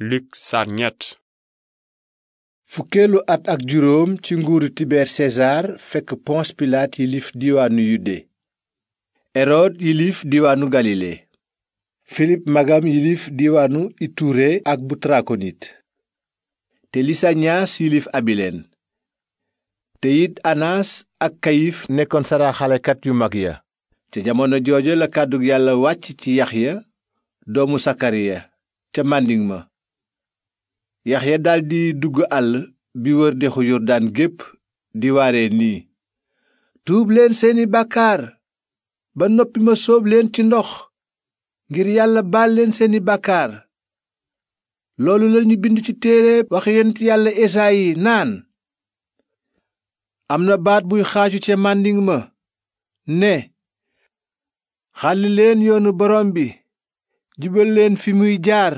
Luk sar at ak juróom ci nguuru tibeer sesaar fekk pons pilaat yilif diiwaanu yude erod yilif diwaanu galile filip magam yilif diiwaanu iture ak butarakonit te lisañaas yilif abilen te it anaas ak kayif nekkoon saraxalekat yu mag ya ca jamono jooja la kàddug yàlla wàcc ci yaxya doomu sakariya ca màndiŋ ma yax yaxya daldi dugg àll bi wër dexu yordaan gépp di waare nii tuub leen seeni bàkkaar ba noppi ma soob leen ci ndox ngir yàlla baal leen seeni bàkkaar loolu lañu bind ci téere wax yonent yàlla esaayi naan am na baat buy xaaju ca màndiŋ ma ne xàlli yoonu borom bi jubal leen fi muy jaar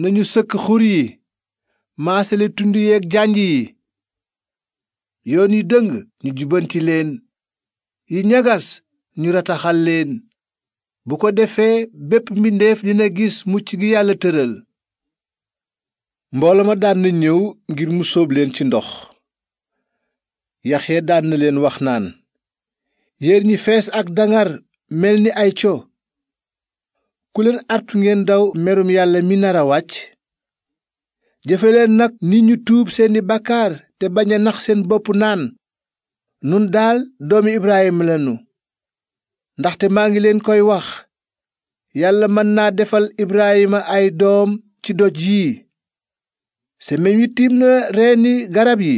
nañu sëkk xur yi maasale tund yeeg janj yi yoon yi dëng ñu jubanti leen yi ñagas ñu rataxal leen bu ko defee bépp mbindeef dina gis mucc gi yàlla tëral mbooloo ma daan na ñëw ngir mu sóob leen ci ndox yaxya daan na leen wax naan yéen ñi fees ak dangar mel ni ay co ku leen artu ngeen daw merum yàlla mi nar a wàcc jëfe leen nag ni ñu tuub seeni bàkkaar te bañ a nax seen bopp naan nun daal doomi Ibrahima lanu ndaxte maa ngi leen koy wax yàlla mën naa defal Ibrahima ay doom ci doj yii semeñ wi tiim na reeni garab yi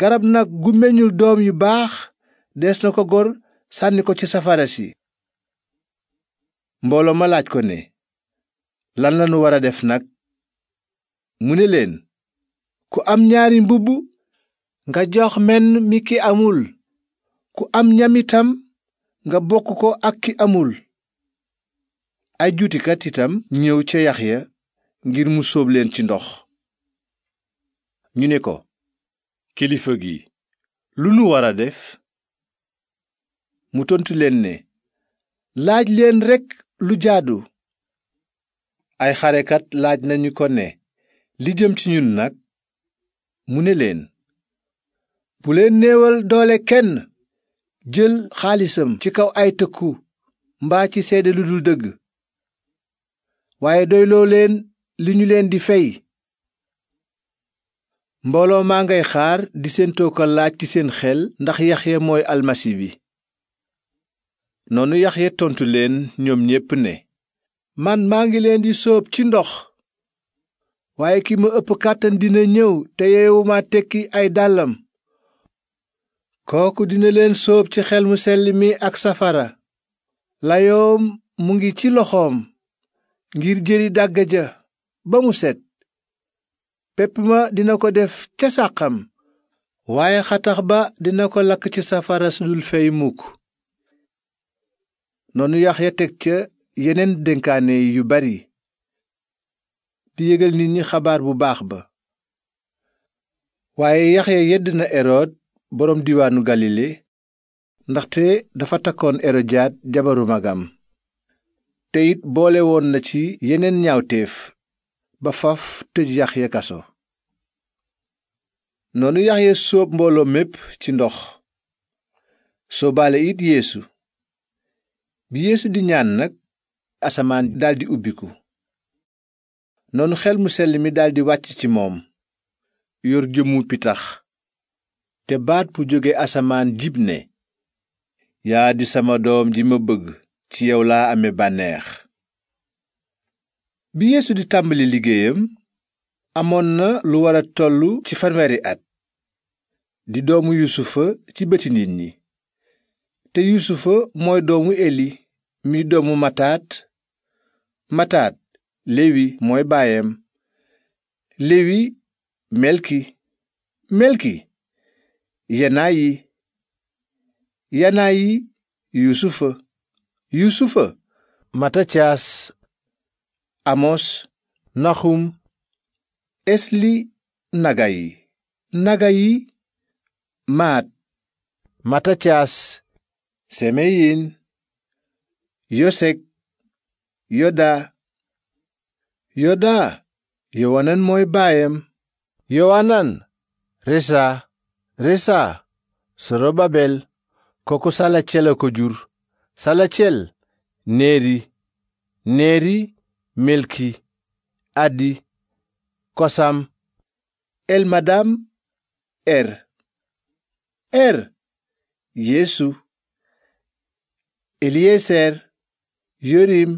garab nag gu meñul doom yu baax des na ko gor sànni ko ci safara si mbooloo ma laaj ko ne lan lanu war a def nag mu ne leen ku am ñaari mbubb nga jox menn mi ki amul ku am ñam itam nga bokk ko ak ki amul ay juutikat itam ñëw ca ya ngir mu sóob leen ci ndox ñu ne ko kilifa gi lu nu war a def mu tontu leen ne laaj leen rekk lu jaadu ay xarekat laaj nañu ko ne li jëm ci ñun nag mu ne leen bu leen néewal doole kenn jël xaalisam ci kaw ay tëkku mbaa ci seede lu dul dëgg waaye doyloo leen li ñu leen di fey mbooloo maa ngiy xaar di seen tookal laaj ci seen xel ndax yaxya mooy almasi bi noonu Yaxya tontu leen ñoom ñépp ne man maa ngi leen di soob ci ndox waaye kii ma ëpp kàttan dina ñëw te yeewuma tekki ay dàllam kooku dina leen soob ci xel mu sell mi ak safara layoom mu ngi ci loxoom ngir jëri dàgg ja ba mu set pepp ma dina ko def ca sàqam waaye xatax ba dina ko lakk ci safara su dul fey mukk noonu Yaxya teg ca yeneen dénkaane yu bari di yégal nit ñi xabaar bu baax ba waaye Yaxya yedd na Erod boroom diwaanu Galile ndaxte dafa takkoon Erodiyaad jabaru magam te it boole woon na ci yeneen ñaawteef ba faf tëj Yaxya kaso noonu Yaxya sóob mbooloo mépp ci ndox soobaale it yéesu bi yeesu di ñaan nag asamaan daldi ubbiku noonu xel mu sell mi daldi wàcc ci moom yor jëmmu pitax te baat bu jóge asamaan jib né yaa di sama doom ji ma bëgg ci yow laa ame bànneex bi yeesu di tàmbali liggéeyam amoon na lu war a tollu ci fanweeri at di doomu yusufa ci bëti nit ñi te yusufa mooy doomu eli mi doomu mataat mataat lewi mooy baayam lewi melki melki yanayi yanayi yusufa yusufa matatyas amos nahum esli nagayi nagayi maat matatyas semeyin yosek yoda yoda yowanan mooy baayam yowanan resa resa sorobabel kooku salacel a ko jur salacel neeri neeri melki addi kosam elmadam er er yeesu eliyeser Yorim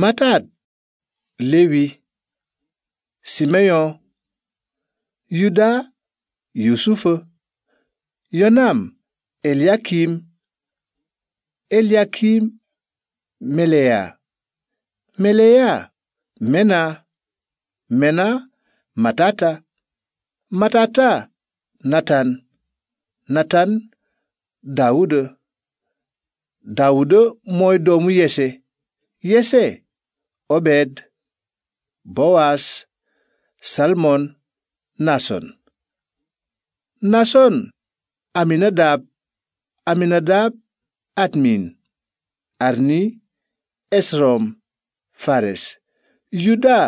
mataat lewi simeyon yuda yusufa yonam eliakim eliakim meleya meleya mena mena matata matata natan natan dawuda daawuda mooy doomu yese yese obed bowaas salmon nason nason aminadaab aminadaab admin arni esrom fares yuda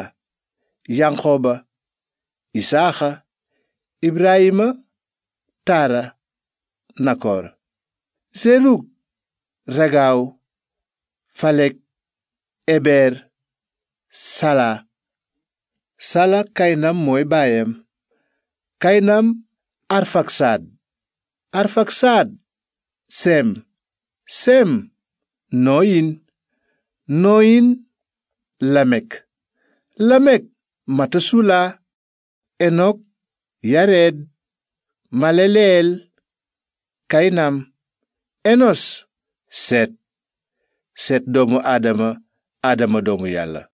yanqoba isaaxa ibrahima taara nakor seluk ragaaw falek eber sala sala kaynam mooy baayam kaynam arfaksaad arfaksaad sem sem nooyin nooyin lamek lamek matasula enok yared maleleel kaynam enos seet seet doomu aadama aadama doomu yàlla